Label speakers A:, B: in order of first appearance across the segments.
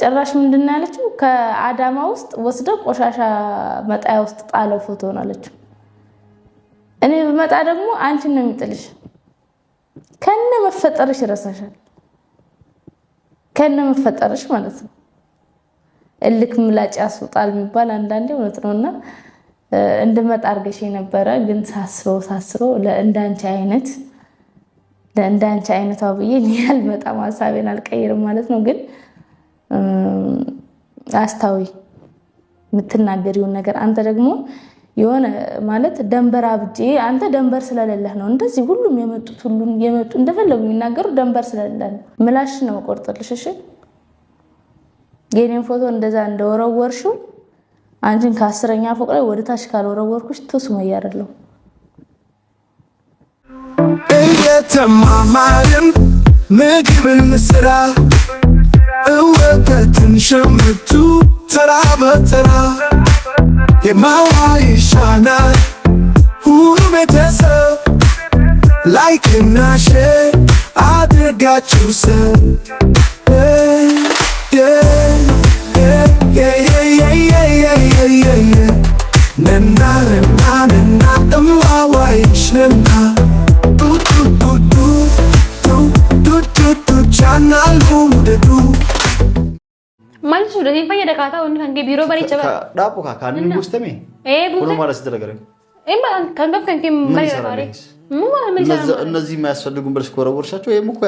A: ጭራሽ ምንድን ነው ያለችው? ከአዳማ ውስጥ ወስደ ቆሻሻ መጣያ ውስጥ ጣለው ፎቶ ነው አለችው። እኔ ብመጣ ደግሞ አንቺን ነው የሚጥልሽ፣ ከነ መፈጠርሽ ይረሳሻል፣ ከነ መፈጠርሽ ማለት ነው። እልክ ምላጭ ያስወጣል የሚባል አንዳንዴ እውነት ነው። እና እንድመጣ አድርገሽ ነበረ፣ ግን ሳስበው ሳስበው ለእንዳንቺ አይነት ለእንዳንቺ አይነቷ ብዬ ያልመጣም ሀሳቤን አልቀይርም ማለት ነው ግን አስታዊ የምትናገሪውን ነገር አንተ ደግሞ የሆነ ማለት ደንበር አብጄ አንተ ደንበር ስለሌለህ ነው እንደዚህ ሁሉም የመጡት ሁሉም የመጡ እንደፈለጉ የሚናገሩ ደንበር ስለሌለህ ነው። ምላሽ ነው ቆርጥልሽ። እሺ የኔን ፎቶ እንደዛ እንደወረወርሽው አንቺን ከአስረኛ ፎቅ ላይ ወደታች ታች ካልወረወርኩሽ ትሱመ እያደለው እየተማማርን ምግብን ስራ እውቀትን ሸምቱ ተራ በተራ የማዋ ይሻናል ሁሉ ቤተሰብ ላይክና ሼር አድርጋችሁ ሰብ Kanneen fayyada hundi kan kee biiroo baricha
B: bara. Dhaabuu kaa kaan inni buustame. Ee buustame. Kunumaa dhasite dalagalame.
A: Kan baaf
B: kan እነዚህ የማያስፈልጉን ብለሽ ከወረወርሻቸው ይሄም እኮ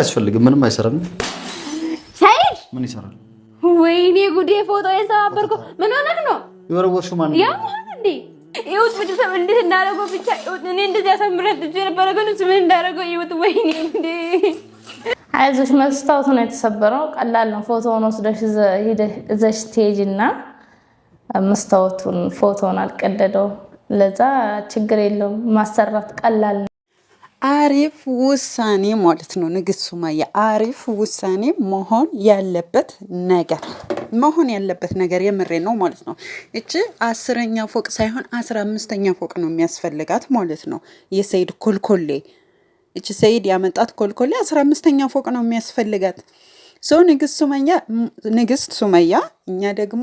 B: ያስፈልግ ምንም አይሰራም። ሰይድ ምን ይሰራል?
A: ወይኔ ጉዴ! ፎቶ የሰባበርኩ ምን ሆነህ ነው
B: የወረወርሽው? ማን
A: ያ እንዴ ይሁት ብቻ እንዴት እንዳደረገው ብቻ እኔ እንደዚህ ያሳምረት ነበረ ግን ምን እንዳደረገው ይሁት ወይኔ እንዴ አይዞሽ መስታወቱ ነው የተሰበረው። ቀላል ነው። ፎቶውን ወስደሽ እዘሽ ትሄጂ እና መስታወቱን ፎቶውን አልቀደደው፣ ለዛ ችግር የለውም። ማሰራት ቀላል ነው። አሪፍ ውሳኔ ማለት ነው። ንግስት ሱመያ አሪፍ ውሳኔ መሆን ያለበት ነገር መሆን ያለበት ነገር የምሬ ነው ማለት ነው። እቺ አስረኛ ፎቅ ሳይሆን አስራ አምስተኛ ፎቅ ነው የሚያስፈልጋት ማለት ነው። የሰይድ ኮልኮሌ እቺ ሰይድ ያመጣት ኮልኮሌ አስራ አምስተኛ ፎቅ ነው የሚያስፈልጋት። ሰው ንግስት ሱመያ ንግስት ሱመያ እኛ ደግሞ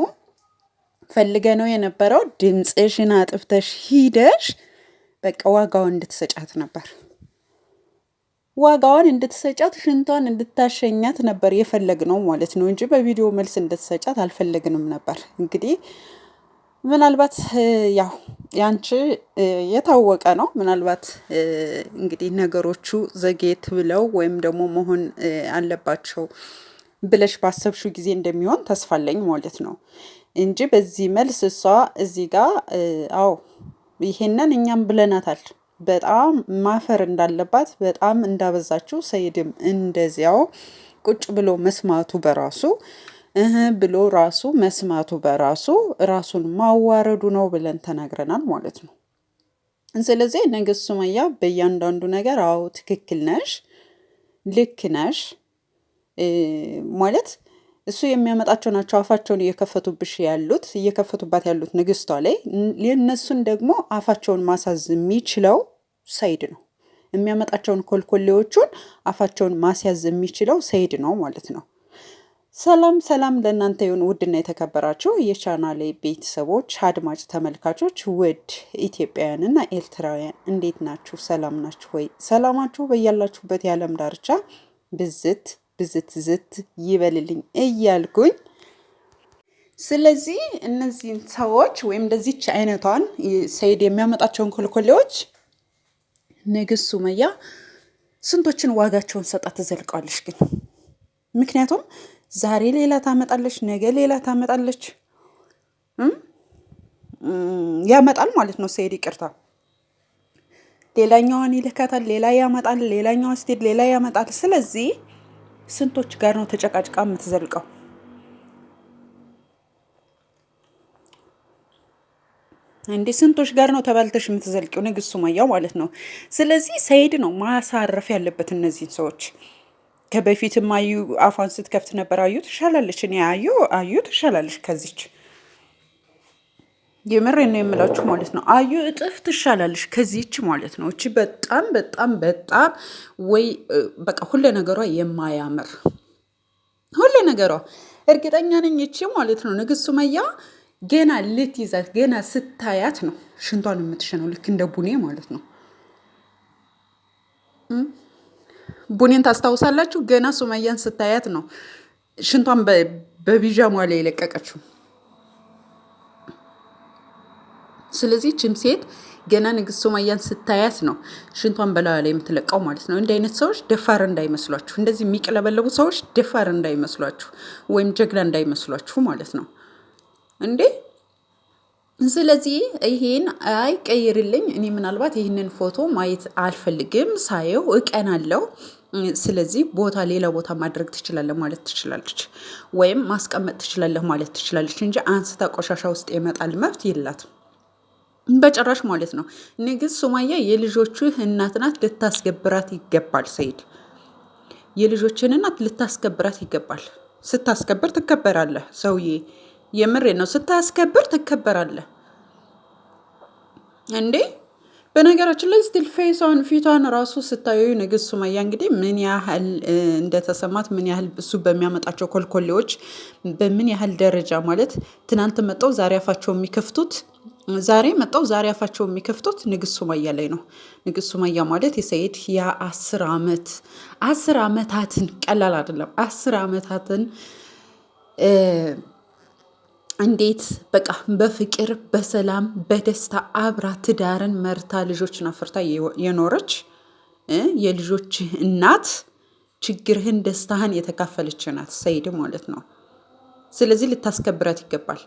A: ፈልገ ነው የነበረው ድምፅሽን አጥፍተሽ ሂደሽ በቃ ዋጋውን እንድትሰጫት ነበር ዋጋዋን እንድትሰጫት ሽንቷን እንድታሸኛት ነበር የፈለግነው ማለት ነው እንጂ በቪዲዮ መልስ እንድትሰጫት አልፈለግንም ነበር። እንግዲህ ምናልባት ያው ያንቺ የታወቀ ነው። ምናልባት እንግዲህ ነገሮቹ ዘጌት ብለው ወይም ደግሞ መሆን አለባቸው ብለሽ ባሰብሹ ጊዜ እንደሚሆን ተስፋለኝ ማለት ነው እንጂ በዚህ መልስ እሷ እዚህ ጋር አዎ ይሄንን እኛም ብለናታል። በጣም ማፈር እንዳለባት በጣም እንዳበዛችው ሰይድም እንደዚያው ቁጭ ብሎ መስማቱ በራሱ እህ ብሎ ራሱ መስማቱ በራሱ ራሱን ማዋረዱ ነው ብለን ተናግረናል ማለት ነው። ስለዚህ ንግስት ሱመያ በእያንዳንዱ ነገር አዎ ትክክል ነሽ፣ ልክ ነሽ ማለት እሱ የሚያመጣቸው ናቸው። አፋቸውን እየከፈቱብሽ ያሉት እየከፈቱባት ያሉት ንግስቷ ላይ የእነሱን ደግሞ አፋቸውን ማሳዝ የሚችለው ሰይድ ነው። የሚያመጣቸውን ኮልኮሌዎቹን አፋቸውን ማስያዝ የሚችለው ሰይድ ነው ማለት ነው። ሰላም ሰላም ለእናንተ ይሁን ውድና የተከበራችሁ የቻናሌ ቤተሰቦች አድማጭ ተመልካቾች፣ ውድ ኢትዮጵያውያንና ኤርትራውያን እንዴት ናችሁ? ሰላም ናችሁ ወይ? ሰላማችሁ በያላችሁበት የዓለም ዳርቻ ብዝት ብዝት ዝት ይበልልኝ እያልኩኝ ስለዚህ እነዚህን ሰዎች ወይም እንደዚች አይነቷን ሰይድ የሚያመጣቸውን ኮልኮሌዎች ንግስት ሱመያ ስንቶችን ዋጋቸውን ሰጣ ትዘልቀዋለች ግን ምክንያቱም ዛሬ ሌላ ታመጣለች፣ ነገ ሌላ ታመጣለች። ያመጣል ማለት ነው ሰኢድ ይቅርታ። ሌላኛዋን ይልካታል፣ ሌላ ያመጣል፣ ሌላኛዋ ስትሄድ ሌላ ያመጣል። ስለዚህ ስንቶች ጋር ነው ተጨቃጭቃ የምትዘልቀው? እንዲህ ስንቶች ጋር ነው ተባልተሽ የምትዘልቂው? ንግስት ሱመያ ማለት ነው። ስለዚህ ሰኢድ ነው ማሳረፍ ያለበት እነዚህን ሰዎች። ከበፊትም አዩ አፏን ስትከፍት ነበር። አዩ ትሻላለች። እኔ አዩ አዩ ትሻላለች ከዚች የምሬ ነው የምላችሁ ማለት ነው። አዩ እጥፍ ትሻላለች ከዚች ማለት ነው። እቺ በጣም በጣም በጣም ወይ በቃ ሁለ ነገሯ የማያምር ሁለ ነገሯ እርግጠኛ ነኝ እቺ ማለት ነው ንግስት ሱመያ ገና ልትይዛት ገና ስታያት ነው ሽንቷን የምትሸነው ልክ እንደ ቡኔ ማለት ነው። ቡኔን ታስታውሳላችሁ? ገና ሱመያን ስታያት ነው ሽንቷን በቢዣሟ ላይ የለቀቀችው። ስለዚህ ችም ሴት ገና ንግስት ሱመያን ስታያት ነው ሽንቷን በላዋ ላይ የምትለቀው ማለት ነው። እንዲህ አይነት ሰዎች ደፋር እንዳይመስሏችሁ፣ እንደዚህ የሚቀለበለቡ ሰዎች ደፋር እንዳይመስሏችሁ፣ ወይም ጀግና እንዳይመስሏችሁ ማለት ነው እንዴ ስለዚህ ይሄን አይቀይርልኝ እኔ ምናልባት ይህንን ፎቶ ማየት አልፈልግም፣ ሳየው እቀናለሁ። ስለዚህ ቦታ ሌላ ቦታ ማድረግ ትችላለህ ማለት ትችላለች፣ ወይም ማስቀመጥ ትችላለህ ማለት ትችላለች እንጂ አንስታ ቆሻሻ ውስጥ የመጣል መብት የላትም በጭራሽ ማለት ነው። ንግስት ሱማያ የልጆቹ እናት ናት፣ ልታስገብራት ይገባል። ሰይድ የልጆችን እናት ልታስገብራት ይገባል። ስታስከብር ትከበራለህ ሰውዬ የምሬ ነው። ስታስከብር ትከበራለህ እንዴ። በነገራችን ላይ ስቲል ፌሷን ፊቷን ራሱ ስታዩ ንግስት ሱመያ እንግዲህ ምን ያህል እንደተሰማት ምን ያህል እሱ በሚያመጣቸው ኮልኮሌዎች በምን ያህል ደረጃ ማለት ትናንት መጠው ዛሬ አፋቸው የሚከፍቱት ዛሬ መጠው ዛሬ አፋቸው የሚከፍቱት ንግስት ሱመያ ላይ ነው። ንግስት ሱመያ ማለት ያ አስር ዓመት አስር ዓመታትን ቀላል አይደለም አስር ዓመታትን እንዴት በቃ በፍቅር በሰላም በደስታ አብራ ትዳርን መርታ ልጆችን አፍርታ የኖረች የልጆች እናት ችግርህን ደስታህን የተካፈለች ናት፣ ሰይድ ማለት ነው። ስለዚህ ልታስከብራት ይገባል።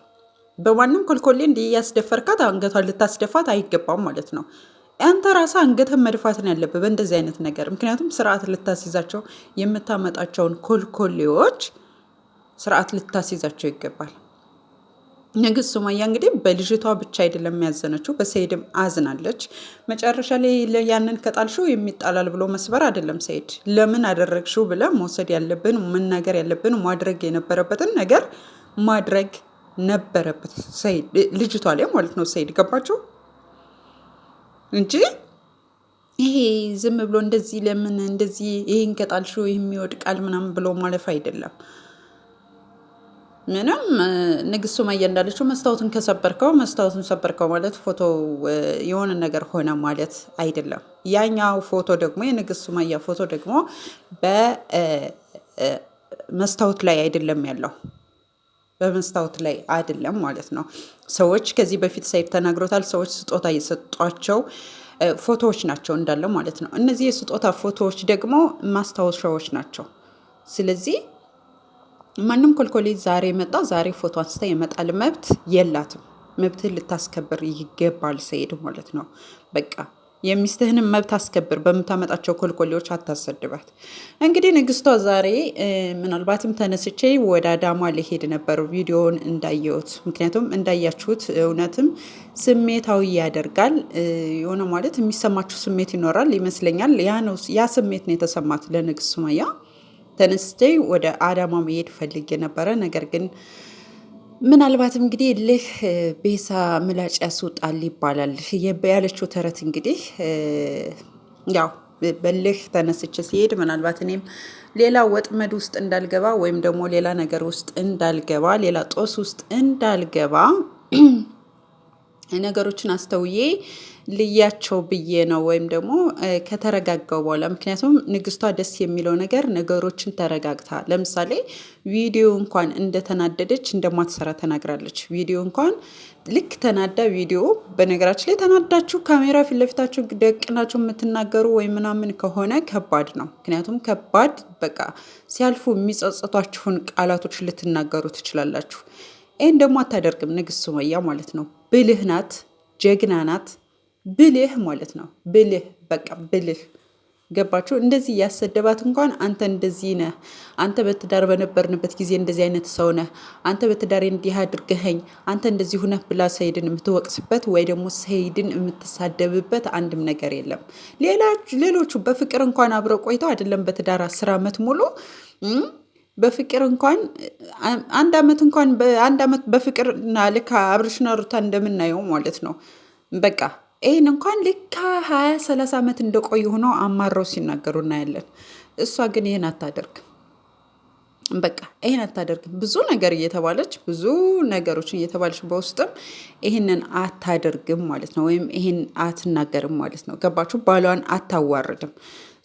A: በማንም ኮልኮሌ እንዲ ያስደፈርካት አንገቷን ልታስደፋት አይገባም ማለት ነው። አንተ ራስህ አንገትህን መድፋትን ያለብህ በእንደዚህ አይነት ነገር፣ ምክንያቱም ስርዓት ልታስይዛቸው የምታመጣቸውን ኮልኮሌዎች ስርዓት ልታስይዛቸው ይገባል። ንግስት ሱመያ እንግዲህ በልጅቷ ብቻ አይደለም ያዘነችው፣ በሰይድም አዝናለች። መጨረሻ ላይ ያንን ከጣልሽው የሚጣላል ብሎ መስበር አይደለም ሰይድ ለምን አደረግሽው ብለ መውሰድ ያለብን መናገር ያለብን ማድረግ የነበረበትን ነገር ማድረግ ነበረበት ሰይድ ልጅቷ ላይ ማለት ነው። ሰይድ ገባችሁ እንጂ ይሄ ዝም ብሎ እንደዚህ ለምን እንደዚህ ይሄን ከጣልሽው የሚወድቃል ምናምን ብሎ ማለፍ አይደለም። ምንም ንግስት ሱመያ እንዳለችው መስታወትን ከሰበርከው መስታወትን ሰበርከው ማለት ፎቶ የሆነ ነገር ሆነ ማለት አይደለም። ያኛው ፎቶ ደግሞ የንግስት ሱመያ ፎቶ ደግሞ በመስታወት ላይ አይደለም ያለው በመስታወት ላይ አይደለም ማለት ነው። ሰዎች ከዚህ በፊት ሳይድ ተናግሮታል። ሰዎች ስጦታ የሰጧቸው ፎቶዎች ናቸው እንዳለው ማለት ነው። እነዚህ የስጦታ ፎቶዎች ደግሞ ማስታወሻዎች ናቸው። ስለዚህ ማንም ኮልኮሌ ዛሬ መጣ፣ ዛሬ ፎቶ አንስታ የመጣል መብት የላትም። መብትህን ልታስከብር ይገባል ሰኢድ ማለት ነው። በቃ የሚስትህንም መብት አስከብር። በምታመጣቸው ኮልኮሌዎች አታሰድባት። እንግዲህ ንግስቷ ዛሬ ምናልባትም ተነስቼ ወደ አዳማ ሊሄድ ነበር ቪዲዮውን እንዳየሁት። ምክንያቱም እንዳያችሁት እውነትም ስሜታዊ ያደርጋል። የሆነ ማለት የሚሰማችሁ ስሜት ይኖራል ይመስለኛል። ያ ስሜት ነው የተሰማት ለንግስት ሱመያ ተነስቼ ወደ አዳማ መሄድ ፈልጌ ነበረ። ነገር ግን ምናልባትም እንግዲህ ልህ ቤሳ ምላጭ ያስወጣል ይባላል ያለችው ተረት እንግዲህ ያው በልህ ተነስቼ ሲሄድ ምናልባት እኔም ሌላ ወጥመድ ውስጥ እንዳልገባ ወይም ደግሞ ሌላ ነገር ውስጥ እንዳልገባ ሌላ ጦስ ውስጥ እንዳልገባ ነገሮችን አስተውዬ ልያቸው ብዬ ነው። ወይም ደግሞ ከተረጋጋው በኋላ ምክንያቱም ንግስቷ ደስ የሚለው ነገር ነገሮችን ተረጋግታ፣ ለምሳሌ ቪዲዮ እንኳን እንደተናደደች እንደማትሰራ ተናግራለች። ቪዲዮ እንኳን ልክ ተናዳ ቪዲዮ በነገራችን ላይ ተናዳችሁ ካሜራ ፊት ለፊታችሁ ደቅናችሁ የምትናገሩ ወይም ምናምን ከሆነ ከባድ ነው። ምክንያቱም ከባድ በቃ ሲያልፉ የሚጸጸቷችሁን ቃላቶች ልትናገሩ ትችላላችሁ። ይህን ደግሞ አታደርግም ንግስት ሱመያ ማለት ነው። ብልህ ናት፣ ጀግና ናት፣ ብልህ ማለት ነው። ብልህ በቃ ብልህ ገባችሁ? እንደዚህ እያሰደባት እንኳን አንተ እንደዚህ ነህ፣ አንተ በትዳር በነበርንበት ጊዜ እንደዚህ አይነት ሰው ነህ፣ አንተ በትዳር እንዲህ አድርገኸኝ፣ አንተ እንደዚህ ሁነህ ብላ ሰይድን የምትወቅስበት ወይ ደግሞ ሰይድን የምትሳደብበት አንድም ነገር የለም። ሌሎቹ በፍቅር እንኳን አብረው ቆይተው አይደለም በትዳር አስር ዓመት ሙሉ በፍቅር እንኳን አንድ አመት እንኳን አንድ አመት በፍቅር እና ልክ አብርሽና ሩታ እንደምናየው ማለት ነው። በቃ ይህን እንኳን ልካ ሀያ ሰላሳ ዓመት እንደቆዩ ሆነው አማረው ሲናገሩ እናያለን። እሷ ግን ይህን አታደርግም። በቃ ይህን አታደርግም። ብዙ ነገር እየተባለች ብዙ ነገሮችን እየተባለች በውስጥም ይህንን አታደርግም ማለት ነው፣ ወይም ይህን አትናገርም ማለት ነው። ገባችሁ? ባሏን አታዋርድም።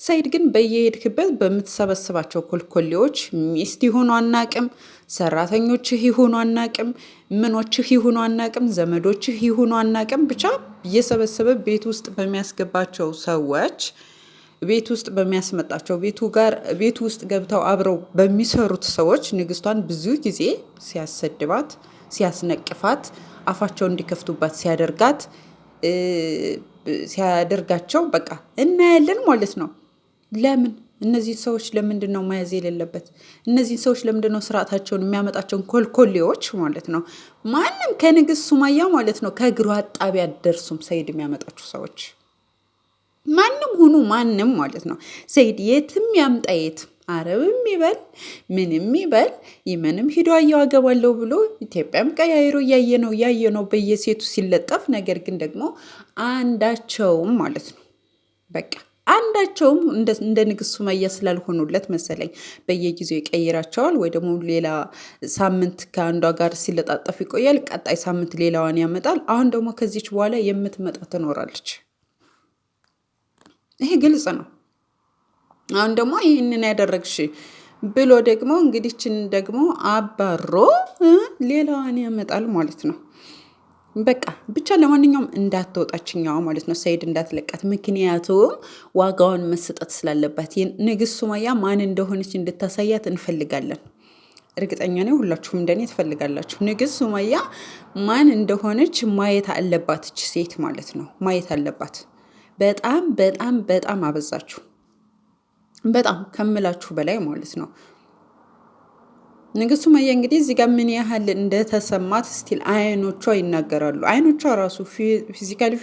A: ሰይድ ግን በየሄድክበት በምትሰበስባቸው ኮልኮሌዎች ሚስት ይሆኑ አናቅም፣ ሰራተኞችህ ይሆኑ አናቅም፣ ምኖችህ ይሆኑ አናቅም፣ ዘመዶችህ ይሆኑ አናቅም፣ ብቻ እየሰበሰበ ቤት ውስጥ በሚያስገባቸው ሰዎች ቤት ውስጥ በሚያስመጣቸው ቤቱ ጋር ቤቱ ውስጥ ገብተው አብረው በሚሰሩት ሰዎች ንግስቷን ብዙ ጊዜ ሲያሰድባት፣ ሲያስነቅፋት፣ አፋቸው እንዲከፍቱባት ሲያደርጋት ሲያደርጋቸው በቃ እናያለን ማለት ነው። ለምን እነዚህን ሰዎች ለምንድን ነው መያዝ የሌለበት? እነዚህን ሰዎች ለምንድን ነው ስርዓታቸውን የሚያመጣቸውን ኮልኮሌዎች ማለት ነው? ማንም ከንግስት ሱማያ ማለት ነው ከእግሩ አጣቢያ ደርሱም ሰይድ የሚያመጣችሁ ሰዎች ማንም ሁኑ ማንም ማለት ነው። ሰይድ የትም ያምጣ የትም አረብም ይበል ምንም ይበል ይመንም ሂዶ አየው አገባለሁ ብሎ ኢትዮጵያም ቀያይሮ እያየ ነው እያየ ነው በየሴቱ ሲለጠፍ። ነገር ግን ደግሞ አንዳቸውም ማለት ነው በቃ አንዳቸውም እንደ ንግስት ሱመያ ስላልሆኑለት መሰለኝ በየጊዜው ይቀይራቸዋል፣ ወይ ደግሞ ሌላ ሳምንት ከአንዷ ጋር ሲለጣጠፍ ይቆያል። ቀጣይ ሳምንት ሌላዋን ያመጣል። አሁን ደግሞ ከዚች በኋላ የምትመጣ ትኖራለች። ይሄ ግልጽ ነው። አሁን ደግሞ ይህንን ያደረግሽ ብሎ ደግሞ እንግዲችን ደግሞ አባሮ ሌላዋን ያመጣል ማለት ነው። በቃ ብቻ ለማንኛውም እንዳትወጣችኛው ማለት ነው፣ ሰይድ እንዳትለቃት። ምክንያቱም ዋጋውን መሰጠት ስላለባት ንግስት ሱመያ ማን እንደሆነች እንድታሳያት እንፈልጋለን። እርግጠኛ ነኝ ሁላችሁም እንደኔ ትፈልጋላችሁ። ንግስት ሱመያ ማን እንደሆነች ማየት አለባትች፣ ሴት ማለት ነው ማየት አለባት። በጣም በጣም በጣም አበዛችሁ፣ በጣም ከምላችሁ በላይ ማለት ነው። ንግስት ሱመያ እንግዲህ እዚህ ጋር ምን ያህል እንደተሰማት ስቲል አይኖቿ ይናገራሉ። አይኖቿ ራሱ ፊዚካሊ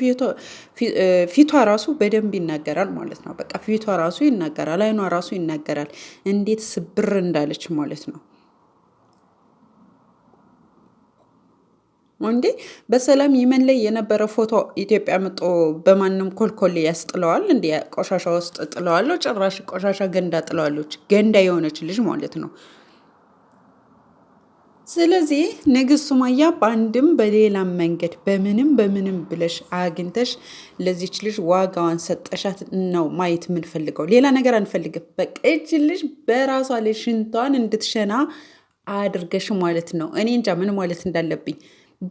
A: ፊቷ ራሱ በደንብ ይናገራል ማለት ነው። በቃ ፊቷ ራሱ ይናገራል፣ አይኗ ራሱ ይናገራል፣ እንዴት ስብር እንዳለች ማለት ነው። እንዴ በሰላም የመን ላይ የነበረ ፎቶ ኢትዮጵያ መጦ በማንም ኮልኮሌ ያስጥለዋል። እንዲ ቆሻሻ ውስጥ ጥለዋለሁ፣ ጭራሽ ቆሻሻ ገንዳ ጥለዋለች። ገንዳ የሆነች ልጅ ማለት ነው። ስለዚህ ንግስት ሱመያ በአንድም በሌላም መንገድ በምንም በምንም ብለሽ አግኝተሽ ለዚች ልጅ ዋጋዋን ሰጠሻት ነው ማየት የምንፈልገው። ሌላ ነገር አንፈልግም። በቃ ይች ልጅ በራሷ ላይ ሽንቷን እንድትሸና አድርገሽ ማለት ነው። እኔ እንጃ ምን ማለት እንዳለብኝ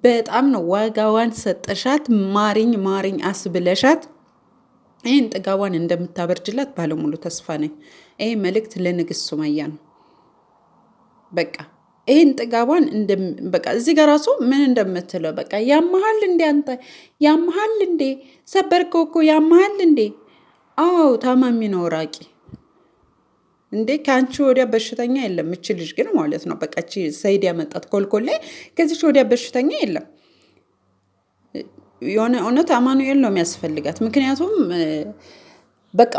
A: በጣም ነው። ዋጋዋን ሰጠሻት፣ ማሪኝ ማሪኝ አስብለሻት ይህን ጥጋቧን እንደምታበርጅላት ባለሙሉ ተስፋ ነኝ። ይህ መልእክት ለንግስት ሱመያ ነው። በቃ ይህን ጥጋቧን በቃ እዚህ ጋር ራሱ ምን እንደምትለው በቃ ያመሃል እንዴ አንተ ያመሃል እንዴ ሰበርከው እኮ ያመሃል እንዴ? አዎ ታማሚ ነው ራቂ እንዴ ከአንቺ ወዲያ በሽተኛ የለም። እች ልጅ ግን ማለት ነው በቃ እቺ ሰይድ ያመጣት ኮልኮል ላይ ከዚች ወዲያ በሽተኛ የለም። የሆነ እውነት አማኑኤል ነው የሚያስፈልጋት። ምክንያቱም በቃ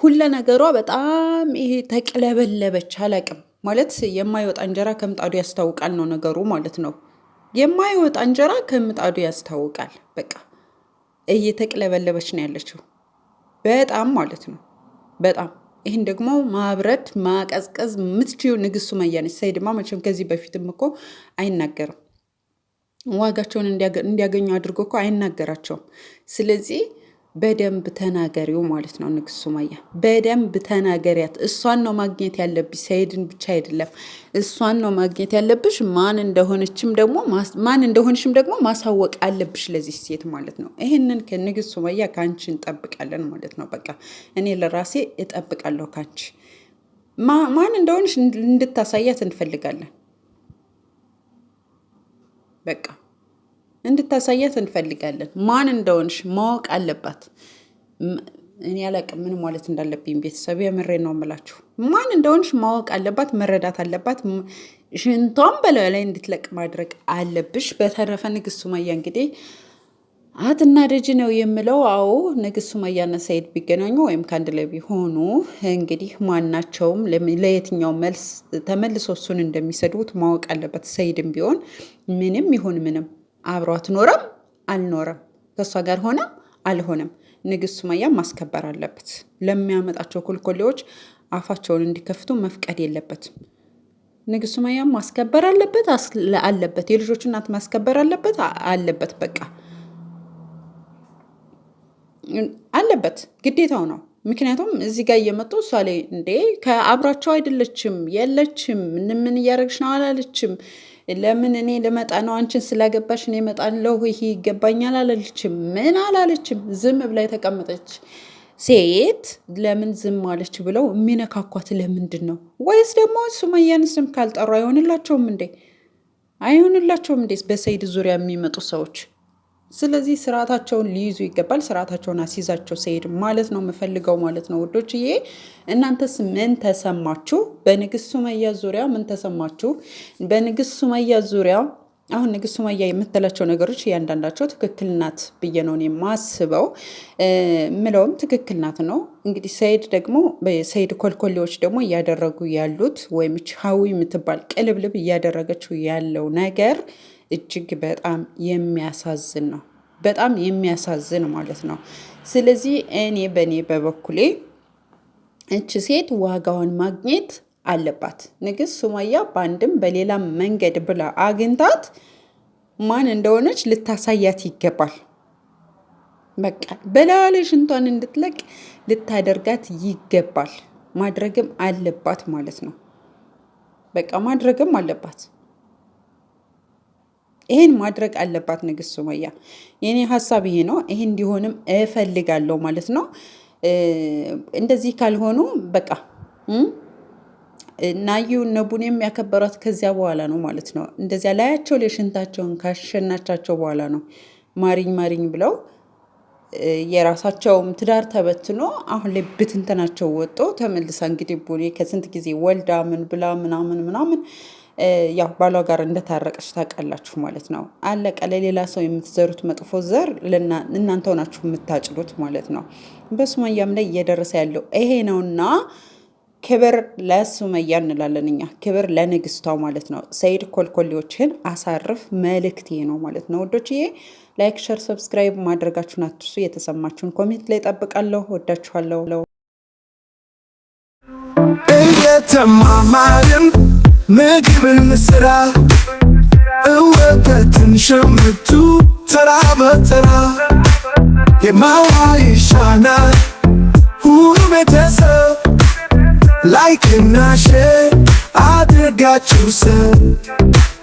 A: ሁለ ነገሯ በጣም ይሄ ተቅለበለበች አላቅም ማለት የማይወጣ እንጀራ ከምጣዱ ያስታውቃል ነው ነገሩ ማለት ነው። የማይወጣ እንጀራ ከምጣዱ ያስታውቃል። በቃ እየተቅለበለበች ነው ያለችው በጣም ማለት ነው በጣም ይህን ደግሞ ማብረድ ማቀዝቀዝ ምትችው ንግስት ሱመያ ነች። ሰኢድማ መቼም ከዚህ በፊትም እኮ አይናገርም። ዋጋቸውን እንዲያገኙ አድርጎ እኮ አይናገራቸውም። ስለዚህ በደንብ ተናገሪው ማለት ነው። ንግስት ሱመያ በደንብ ተናገሪያት። እሷን ነው ማግኘት ያለብሽ፣ ሰይድን ብቻ አይደለም። እሷን ነው ማግኘት ያለብሽ። ማን እንደሆነችም ደግሞ ማን እንደሆነችም ደግሞ ማሳወቅ አለብሽ ለዚህ ሴት ማለት ነው። ይህንን ከንግስት ሱመያ ከአንቺ እንጠብቃለን ማለት ነው። በቃ እኔ ለራሴ እጠብቃለሁ ካንቺ። ማን እንደሆነች እንድታሳያት እንፈልጋለን በቃ እንድታሳያት እንፈልጋለን። ማን እንደሆንሽ ማወቅ አለባት። እኔ አላቅም ምን ማለት እንዳለብኝ ቤተሰብ፣ የምሬ ነው የምላችሁ። ማን እንደሆንሽ ማወቅ አለባት፣ መረዳት አለባት። ሽንቷን በላዩ ላይ እንድትለቅ ማድረግ አለብሽ። በተረፈ ንግስት ሱመያ እንግዲህ አትናደጅ ነው የምለው። አዎ ንግስት ሱመያና ሰኢድ ቢገናኙ ወይም ከአንድ ላይ ቢሆኑ እንግዲህ ማናቸውም ለየትኛው መልስ ተመልሶ እሱን እንደሚሰድቡት ማወቅ አለበት። ሰኢድም ቢሆን ምንም ይሁን ምንም አብሯት ኖረም አልኖረም ከእሷ ጋር ሆነም አልሆነም ንግስት ሱመያም ማስከበር አለበት። ለሚያመጣቸው ኮልኮሌዎች አፋቸውን እንዲከፍቱ መፍቀድ የለበትም። ንግስት ሱመያም ማስከበር አለበት አለበት። የልጆች እናት ማስከበር አለበት አለበት። በቃ አለበት፣ ግዴታው ነው። ምክንያቱም እዚህ ጋር እየመጡ እሷ ላይ እንዴ ከአብሯቸው አይደለችም የለችም፣ ምንምን እያደረግሽ ነው አላለችም ለምን እኔ ልመጣ ነው አንቺን ስላገባሽ እኔ እመጣለሁ ይሄ ይገባኛል አላለችም። ምን አላለችም። ዝም ብላ የተቀመጠች ሴት ለምን ዝም አለች ብለው የሚነካኳት ለምንድን ነው? ወይስ ደግሞ ሱመያን ስም ካልጠሩ አይሆንላቸውም እንዴ? አይሆንላቸውም እንዴ? በሰይድ ዙሪያ የሚመጡ ሰዎች ስለዚህ ስርዓታቸውን ሊይዙ ይገባል። ስርዓታቸውን አስይዛቸው ሰኢድ ማለት ነው የምፈልገው ማለት ነው ውዶችዬ። እናንተስ ምን ተሰማችሁ? በንግስት ሱመያ ዙሪያ ምን ተሰማችሁ? በንግስት ሱመያ ዙሪያ አሁን ንግስት ሱመያ የምትላቸው ነገሮች እያንዳንዳቸው ትክክል ናት ብዬ ነው የማስበው። ምለውም ትክክል ናት ነው እንግዲህ። ሰይድ ደግሞ ሰይድ ኮልኮሌዎች ደግሞ እያደረጉ ያሉት ወይም ሀዊ የምትባል ቅልብልብ እያደረገችው ያለው ነገር እጅግ በጣም የሚያሳዝን ነው። በጣም የሚያሳዝን ማለት ነው። ስለዚህ እኔ በእኔ በበኩሌ እች ሴት ዋጋውን ማግኘት አለባት። ንግስት ሱመያ በአንድም በሌላም መንገድ ብላ አግኝታት ማን እንደሆነች ልታሳያት ይገባል። በቃ በላለ ሽንቷን እንድትለቅ ልታደርጋት ይገባል። ማድረግም አለባት ማለት ነው። በቃ ማድረግም አለባት። ይሄን ማድረግ አለባት ንግስት ሱመያ። የኔ ሀሳብ ይሄ ነው። ይሄ እንዲሆንም እፈልጋለሁ ማለት ነው። እንደዚህ ካልሆኑ በቃ ናዩ ነቡን የሚያከበሯት ከዚያ በኋላ ነው ማለት ነው። እንደዚያ ላያቸው ለሽንታቸውን ካሸናቻቸው በኋላ ነው ማሪኝ ማሪኝ ብለው የራሳቸውም ትዳር ተበትኖ አሁን ላይ ብትንተናቸው ወጦ ተመልሳ እንግዲህ ቡኔ ከስንት ጊዜ ወልዳ ምን ብላ ምናምን ምናምን ያው ባሏ ጋር እንደታረቀች ታውቃላችሁ ማለት ነው። አለቀ። ለሌላ ሰው የምትዘሩት መጥፎ ዘር እናንተው ናችሁ የምታጭዱት ማለት ነው። በሱመያም ላይ እየደረሰ ያለው ይሄ ነውና ክብር ለሱመያ እንላለን እኛ። ክብር ለንግስቷ ማለት ነው። ሰይድ ኮልኮሌዎችን አሳርፍ መልእክቴ ነው ማለት ነው። ወዶችዬ ላይክ፣ ሸር፣ ሰብስክራይብ ማድረጋችሁን አትርሱ። የተሰማችሁን ኮሜንት ላይ ጠብቃለሁ። ወዳችኋለሁ። እየተማማርን ምን ብንስራ እወተትን ሸምቱ ተራ በተራ የማዋ ይሻናል ሁሉ ቤተሰብ ላይክና ሼር አድርጋችሁ ሰብ